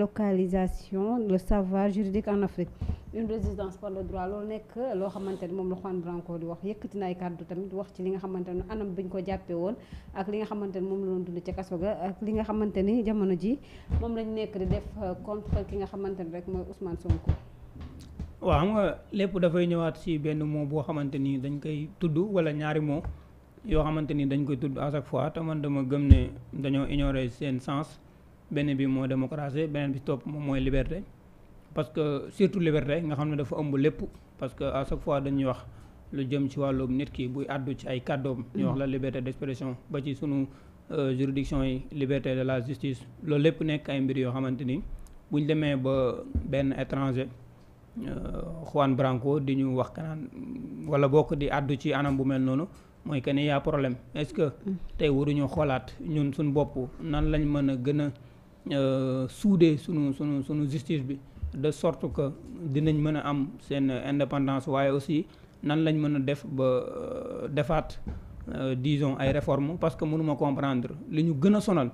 localisation le savoir juridique en Afrique une résistance par le droit loolu nekk loo xamante ne moom la Juan Branco di wax yëkkati na ay kàddu tamit wax ci li nga xamante ne anam bi ko jàppee woon ak li nga xamante ne moom la doon dund ca kaso ga ak li nga xamante ni jamono ji moom lañu nekk di def euh, contre ki nga xamante ne rek mooy Ousmane Sonko. waaw xam nga lépp dafay ñëwaat ci benn moo boo xamante ni dañ koy tudd wala ñaari mot yoo xamante ni dañ koy tudd à chaque fois te man dama gëm ne dañoo ignorer seen sens. benn bi moo démocratie beneen bi topp moom mooy liberté parce que surtout liberté nga xam ne dafa ëmb lépp parce que à chaque fois dañuy wax lu jëm ci wàllum nit ki buy àddu ci ay kàddoom. ñu wax la liberté d'expression ba ci sunu euh, juridiction yi liberté de la justice loolu lépp nekk ay mbir yoo xamante ni buñ demee ba benn étranger. Euh, Juan Branco di ñu wax kanaan wala bokk di àddu ci anam bu mel noonu mooy que ne yaa problème est-ce que mm. tey waruñu xoolaat ñun suñ bopp nan lañ mën a gën a Euh, suudee sunu sunu sunu justice bi de sorte que dinañ mën a am seen indépendance waaye aussi nan lañ mën a def ba euh, defaat euh, disons ay réformes parce que mënuma comprendre li ñu gën a sonal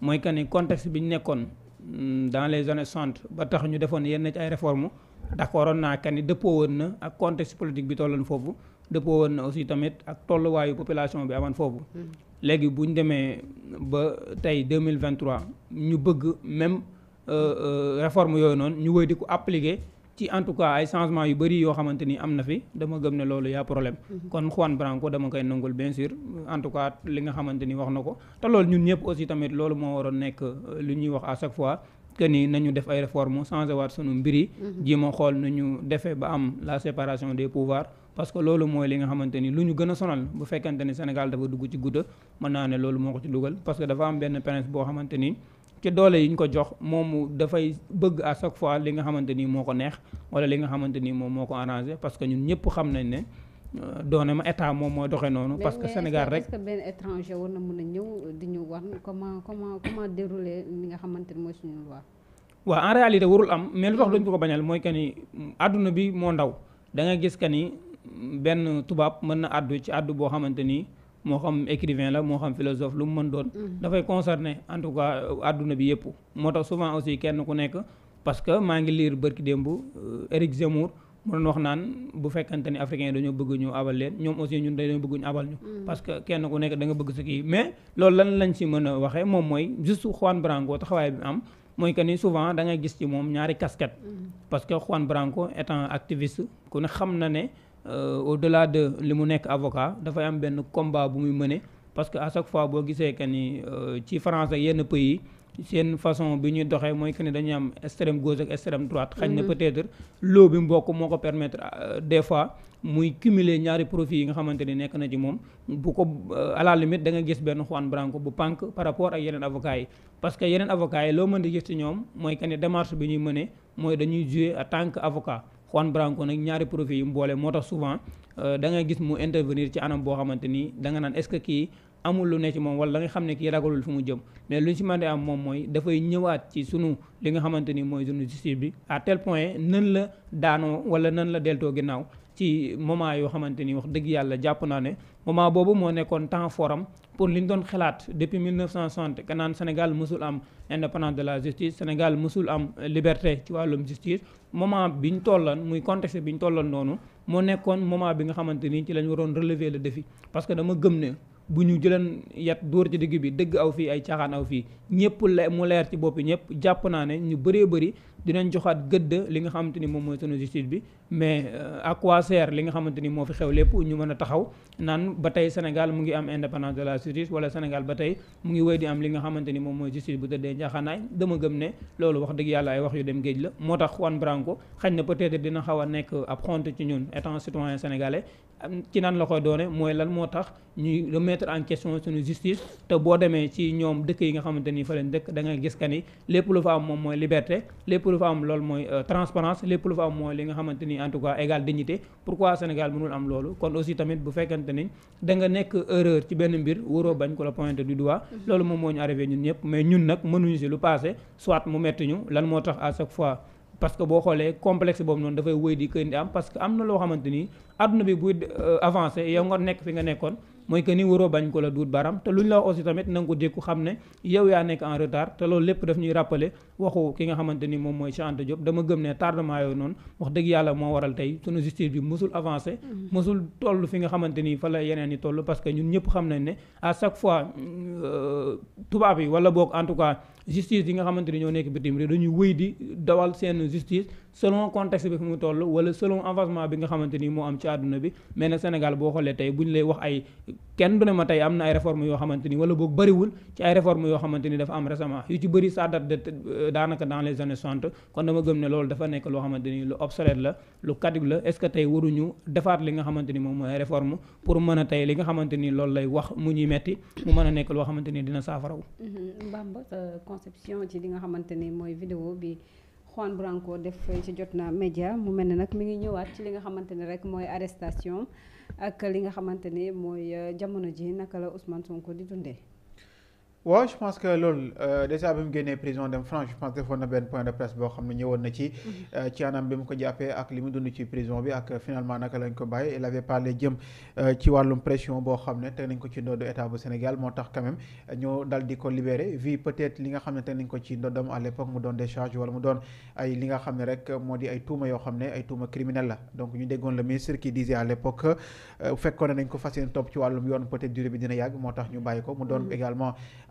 mooy que ni contexte bi ñu nekkoon mm, dans les années 60 ba tax ñu defoon yenn ci ay réformes d'accord woon naa que ni dëppoo woon na ak contexte politique bi tolloon foofu dëppoo woon na aussi tamit ak tolluwaayu population bi amoon foofu. Mm. léegi bu ñu demee ba tey 2023 ñu bëgg même euh, euh, reforme yooyu noonu ñu wëy di ko appliquer ci en tout cas ay changement yu bëri yoo xamante ni am na fi dama gëm ne loolu yaa problème mm-hmm. kon Juan Branco dama koy nangul bensir sûr en tout cas li nga xamante ni wax na ko te loolu ñun ñëpp aussi tamit loolu moo waroon nekk euh, li ñuy wax à chaque fois que ni nañu def ay réforme changé waat sunu mbir yi. Mm-hmm. jéem a xool nu ñu defee ba am la séparation des pouvoirs parce que loolu mooy li nga xamante ni lu ñu gën a sonal bu fekkente ni Sénégal dafa dugg ci gudda mën naa ne loolu moo ko ci dugal parce que dafa am benn prince boo xamante ni ci doole yi ñu ko jox moom dafay bëgg à chaque fois li nga xamante ni moo ko neex wala li nga xamante ni moom moo ko arrangé parce que ñun ñëpp xam nañ ne euh, doone ma état moom mooy doxee noonu. parce que Sénégal rek mais benn na mën a ñëw di ñu wan comment comment comment li nga xamante ni mooy suñu waa waaw en réalité warul am mais lu tax hmm. duñ ko ko bañal mooy que ni mm, adduna bi moo ndaw da gis que benn tubaab mën na àddu ci àddu boo xamante ni moo xam écrivain la moo xam philosophe lu mu mën doon. Mm-hmm. dafay concerner en tout cas euh, àdduna bi yëpp. moo tax souvent aussi kenn ku nekk parce que maa ngi lire bërki démb euh, Éric Zemmour mu doon wax naan bu fekkante ni africain dañoo bëgg ñu abal leen ñoom aussi ñun dañoo bëgg ñu abal ñu. Mm-hmm. parce que kenn ku nekk da nga bëgg sa kii mais loolu lan lañ ci mën a waxee moom mooy juste Juan Branco taxawaay bi am. mooy que ni souvent da ngay gis ci moom ñaari casquette. Mm-hmm. parce que Juan Branco étant activiste ku ne xam na ne. Euh, au-delà de li mu nekk avocat dafay am benn combat bu muy mëne parce que à chaque fois boo gisee que ni euh, ci France ak yenn pays seen façon bi ñuy doxee mooy que ne dañuy am extrême gauche ak extrême droite. xañ na mm-hmm. peut-être loo bi mbokk moo ko permettre euh, des fois muy cumuler ñaari profit yi nga xamante ni nekk na ci moom. bu ko à la limite da gis benn Juan Branco bu pànk par rapport ak yeneen avocats yi parce que yeneen avocats yi loo mën di gis ci ñoom mooy que ne démarche bi ñuy mëne mooy dañuy jouer en tant que avocat. Juan Branco nag ñaari profil yu mu moo tax souvent euh, da ngay gis mu intervenir ci anam boo xamante ni danga nga naan est-ce que kii amul lu ne ci moom wala da xam ne kii ragalul fu mu jëm mais lu ñu si mën am moom mooy dafay ñëwaat ci sunu li nga xamante ni mooy sunu justice bi à tel point nan la daanoo wala nan la deltoo ginnaaw ci moment yoo xamante ni wax dëgg yàlla jàpp naa ne moment boobu moo nekkoon temps forum pour li ñu doon xalaat depuis cent ka naan Sénégal mësul am indépendance de la justice Sénégal mësul am liberté ci wàllum justice moment bi ñu tollan muy contexte bi ñu tollan noonu moo nekkoon moment bi nga xamante ni ci la waroon relever le défi parce que dama gëm ne bu ñu jëlan yat dóor ci digg bi dëgg aw fii ay caaxaan aw fii ñëpp le mu leer ci bopp ñëpp jàpp naa ne ñu bëree bëri dinañ joxaat gëdd li nga xamante ni moom mooy sunu justice bi mais euh, à quoi li nga xamante ni moo fi xew lépp ñu mën a taxaw naan ba tey Sénégal mu ngi am indépendance de la justice wala Sénégal ba tey mu ngi wéy di am li nga xamante ni moom mooy justice bu tëddee njaaxaanaay dama gëm ne loolu wax dëgg yàlla ay wax yu dem géej la moo tax Juan Branco xañ na peut-être dina xaw a nekk ab xont ci ñun étant citoyen sénégalais ci naan la koy doone mooy lan moo tax ñuy remettre en question suñu justice te boo demee ci ñoom dëkk yi nga xamante ni fa leen dëkk da ngay gis ka ni lépp lu moom mooy liberté lu fa am loolu mooy euh, transparence lépp lu fa am mooy li nga xamante ni en tout cas égale dignité pourquoi Sénégal mënul am loolu kon aussi tamit bu fekkante ni da nekk erreur ci benn mbir waroo bañ ko la pointer du doigt mhm. loolu moom moo ñu arrivé ñun ñëpp mais ñun nag mënuñu si lu passé soit mu metti ñu lan moo tax à chaque fois parce que boo xoolee complexe boobu noonu dafay wëy di kër di am parce que am na loo xamante ni àdduna bi buy euh, avancé yow nga nekk fi nga nekkoon mooy que ni waroo bañ ko la duut baram te lu ñu la wax aussi tamit nanga ko nga ko dékku xam ne yow yaa nekk en retard te loolu lépp daf ñuy rappeler waxu ki nga xamante ni moom mooy Cheikh Anta dama gëm ne tardement yooyu noonu wax dëgg yàlla moo waral tey sunu justice bi mosul avancé mosul mm-hmm. toll fi nga xamante ni fa la yeneen yi toll parce que ñun ñëpp xam nañ ne à chaque fois euh, tubaab yi wala boog en tout cas justice yi nga xamante ni ñoo nekk bitim réew dañuy wëy di dawal seen justice selon contexte bi fi mu toll wala selon avancement bi nga xamante moo am ci àdduna bi mais Sénégal boo xoolee tey bu ñu lay wax ay kenn du ne ma tey am na ay réforme yoo xamante ni wala boog bëriwul ni dafa am récemment yu ci bëri ça de euh, daanaka dans les années 60 kon dama gëm ne loolu dafa nekk loo xamante lu obsolète la lu caduc la est tey waruñu defaat li nga xamante ni moom mooy réforme pour mën a tey li nga xamante ni loolu lay wax mu ñuy metti mu mën a nekk loo xamante dina saafaraw mm-hmm. Mbamba sa conception ci li Juan Branco def ci jot Jotna Média mu mel ne nag mi ngi ñëwaat ci li nga xamante ne rek mooy arestation ak li nga xamante ne mooy euh, jamono ji naka la Ousmane Sonko di dundee. waaw je pense que loolu euh, déjà bi mu génnee prison dem France je pense defoon na benn point de presse boo xam ne ñëwoon na ci mhm. euh, ci anam bi mu ko jàppee ak li mu dund ci prison bi ak euh, finalement naka lañ ko bàyyi il avait parlé jëm euh, ci wàllum pression boo xam ne teg nañ ko ci ndoddu a bu Sénégal moo tax quand même ñu di ko libéré vie peut-être li nga xam ne teg ko ci ndoddam à l'époque mu doon des charges wala mu doon ay li nga xam ne rek moo di ay tuuma yoo xam ne ay tuuma criminel la donc ñu déggoon le ministre qui disait à l'époque fekkoon ne ko fas ci wàllum yoon peut-être durée dina yàgg moo tax ñu bàyyi ko mu doon mhm. également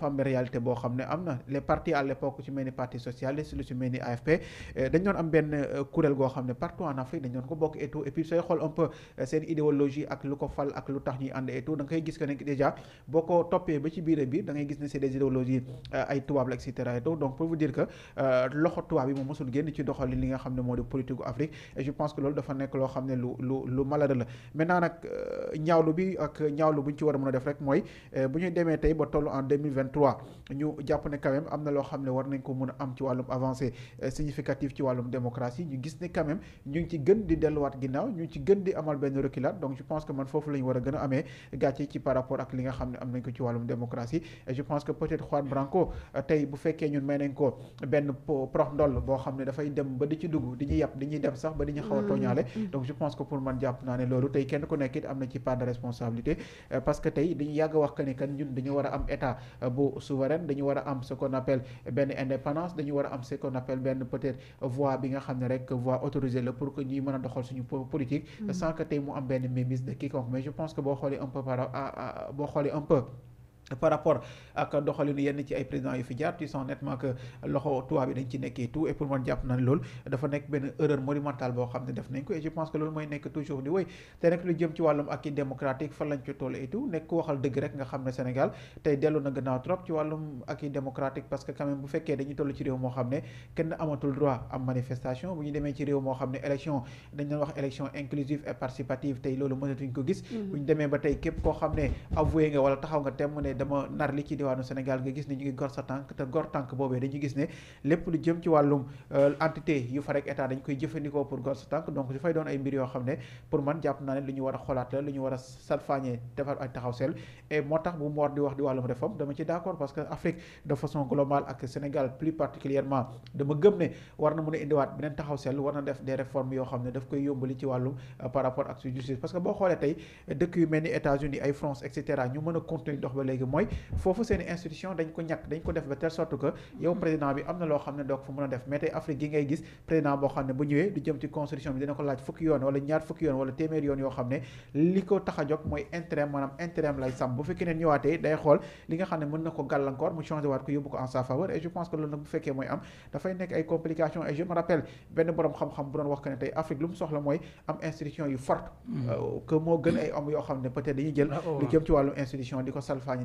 dafa am réalité boo xam ne am na les partis à l'époque ci mel ni parti socialiste lu ci mel ni AFP eh, dañ doon am benn euh, kuréel goo xam ne partout en Afrique dañ doon euh, lu lu tax ci biir biir da euh, la et li nga xam ne moo di politique gu Afrique et je pense que loolu dafa nekk loo xam lu lu lu malade la maintenant nag ñaawlu bi ak ñaawlu bu ci war a mën a def rek mooy bu ñuy demee tey ba toll en 2020 2023 ñu jàpp ne quand même am na loo xam ne war nañ ko mën a am ci wàllum avancée euh, significative ci wàllum démocratie ñu gis ne quand ñu ngi ci gën di delluwaat ginnaaw ñu ngi ci gën di amal benn reculade donc je pense que peut-être Juan Branco euh, tey bu fekkee ñun may nañ ko benn prox ndoll boo xam ne dafay dem ba di ci dugg di ñu yàpp di ñuy dem sax ba di ñu xaw mm. tooñaale donc je pense que pour man jàpp naa ne loolu tey kenn ku nekk am na ci part de responsabilité euh, bu souveraine dañu war a am ce qu'on benn indépendance dañu war a am ce qu'on appelle benn peut-être voie bi nga xam ne rek voie autorisée la pour que ñuy mën a doxal suñu politique mm-hmm. sans que tey mu am benn mémis de quiconque mais je pense que boo xoolee un peu par boo xoolee un peu par rapport ak doxalinu yenn ci ay présidents yu fi jaar tu sens nettement loxo tubaab yi dañ ci nekkee tout et jàpp na loolu dafa nekk benn erreur monumentale boo xam ne def nañ ko et je pense que loolu mooy nekk te nekk lu jëm ci wàllum acquis démocratique fan lañ ci toll et nekk ku waxal dëgg rek nga xam ne Sénégal tey dellu na gannaaw trop ci wàllum acquis démocratique parce que quand même bu fekkee dañuy toll ci réew moo xam ne kenn amatul droit am manifestation bu ñu demee ci réew moo xam ne mm-hmm. koo xam ne avoué dama nar li ci diwaanu Sénégal nga gis ne ñu ngi gor sa tànk te gor tànk boobee dañu gis ne lépp lu jëm ci wàllum euh, entité yu fa rek état dañ koy jëfandikoo pour gor sa tànk donc su fay doon ay mbir yoo xam ne pour man jàpp naa ne lu ñu war a xoolaat la lu ñu war a salfaañee defar ay taxaw seel et moo tax bu mu war di wax di wàllum réforme dama ci d'accord parce que Afrique de façon globale ak Sénégal plus particulièrement dama gëm ne war na euh, mën a mooy foofu seen institution dañ ko ñàkk dañ ko def ba telle sorte que yow mm-hmm. président bi am na loo xam ne doo ko fa mën a def mais tey Afrique gi ngay gis président boo xam ne bu ñëwee du jëm ci constitution bi dina ko laaj fukki yoon wala ñaar fukki yoon wala téeméer a jóg mooy intérêt maanaam na ko gàllankoor mu changé waat ko yóbbu ko en sa faveur et je pense que loolu nag bu fekkee mooy xam-xam bu doon wax mooy am institution yu forte mm-hmm. euh, que yoo xam ne peut-être dañuy jël ah, oh. di ko salfaañi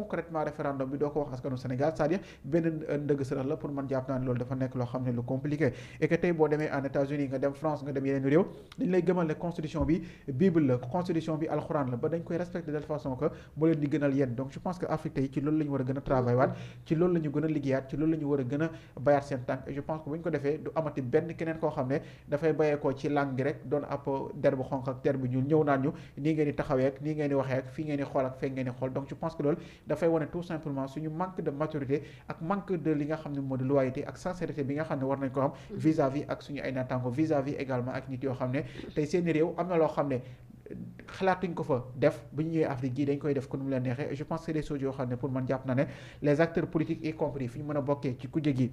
concrètement référendum bi doo ko wax Sénégal cest à benn ndëgg sërëx la pour man jàpp naa loolu dafa nekk loo xam ne lu compliqué et que boo demee en États-Unis nga dem France nga dem yeneen réew dañ lay gëmal ne constitution bi bible la constitution bi alxuraan la ba dañ koy respecté de façon que mu leen di gënal yéen donc je pense que Afrique tey ci loolu la war a gën a travail waat ci loolu la gën a liggéeyaat ci loolu la dafay wane tout simplement suñu manque de maturité ak manque de li nga xam ne moo di loyauté ak sincérité bi nga xam ne war nañ ko am mm-hmm. vis-à-vis ak suñu ay naataango vis-à-vis également ak nit yoo xam ne mm-hmm. tey seeni réew am na loo xam ne xalaatuñ ko fa def bu ñu ñëwee Afrique gii dañ koy def ko nu mu leen neexee je pense que yoo xam ne pour man jàpp na ne les acteurs politiques y compris fi ñu mën a bokkee ci kujje gi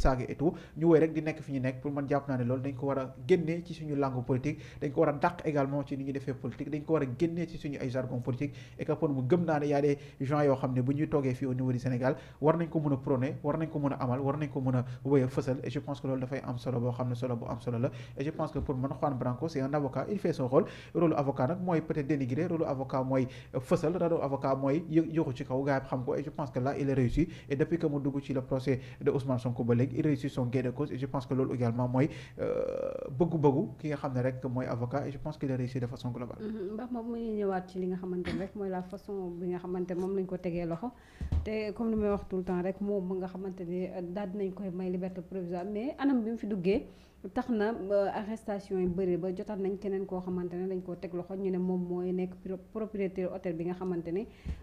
saaga et ñu woy rek di nekk fi ñu nekk pour man jàpp naa ne loolu dañ ko war a ci suñu langue politique dañ ko war dàq également ci ni defee politique dañ ko war a ci suñu ay jargon politique et que gëm naa ne y a des yoo xam ne bu ñuy toogee fii au niveau du Sénégal war nañ ko mën a war nañ ko mën amal war nañ ko mën a fësal et je pense que loolu dafay am solo boo xam ne solo bu am solo la et je pense que pour man Juan Branco tamit il réussit son gain de cause et je pense que loolu également mooy bëggu-bëggu euh, ki nga xam ne rek mooy avocat et je pense qu'il a réussi de façon globale. Mm-hmm. la façon bi moom lañ ko tegee loxo te comme li may wax temps rek moom nga xamante ni euh, daal koy may liberté provisoire mais anam bi mu fi duggee. tax na euh, arrestation yi bëri ba jotaat nañ keneen koo xamante ne dañ teg loxo ñu ne moom mooy nekk propriétaire hôtel bi nga xamante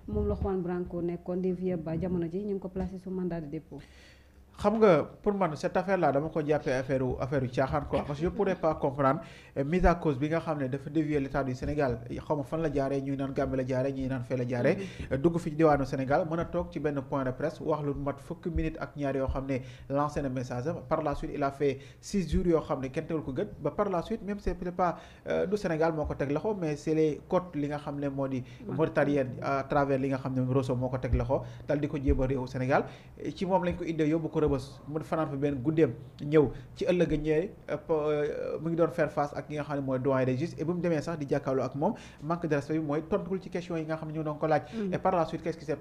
moom la Juan Branco xam nga pour man cette affaire là dama ko jàppee affaire affaire yu caaxaan quoi parce que je pourrais pas comprendre euh, mise à cause bi nga xam ne dafa dévier l'état du Sénégal xaw fan la jaaree ñuy naan Gambie la jaaree ñuy naan fee la jaaree mm-hmm. euh, dugg fi diwaanu Sénégal mën a toog ci benn point de presse wax lu mat fukki minutes ak ñaar yoo xam ne lancé na message par la suite il a fait six jours yoo xam ne kenn tegul ko gët ba par la suite même c'est peut du a rëbës mu fanaan fa benn guddeem ñëw ci ëllëg ñeeri euh, euh, mu ngi doon faire face ak nga xam ne mooy doyen des juges et bu mu demee sax di jàkkaarloo ak moom manque de respect bi mooy tontul ci question yi nga xam ne ñu doon ko laaj mm. et par la suite qu'est-ce qui s'est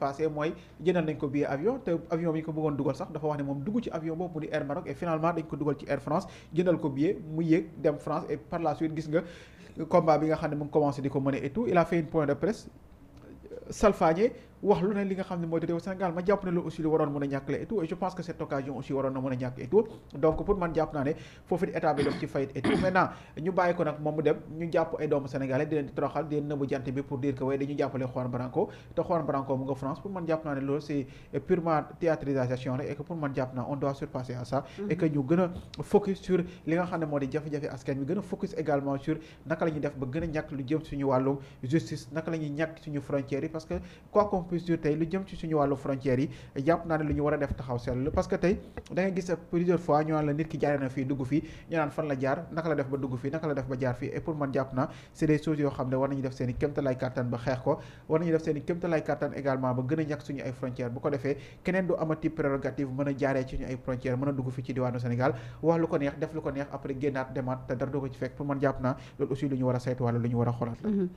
ne moom dugg ci avion boobu mu di Air Maroc et finalement dañ ko dugal ci Air France jëndal ko billet mu yéeg dem France et par la suite gis nga combat bi nga xam ne mu ngi di ko mëne et a fait une point de euh, wax lu ne li nga xam ne moo di réew Sénégal ma jàpp ne loolu aussi lu waroon mën a ñàkk la et tout et a ñàkk et tout a focus sur li nga xam ne moo lu jëm suñu wàllum justice naka la ñàkk suñu frontières yi parce que quoi puisse dire tey lu jëm ci suñu wàllu frontières yi jàpp naa ne lu ñu a def taxaw seetlu parce que tey da ngay gis plusieurs fois ñu naan la nit ki jaaree na fii dugg fii ñu naan fan la jaar naka la def ba dugg fii naka la def ba jaar fii et pour man jàpp naa loolu aussi lu ñu war a saytuwaale lu ñu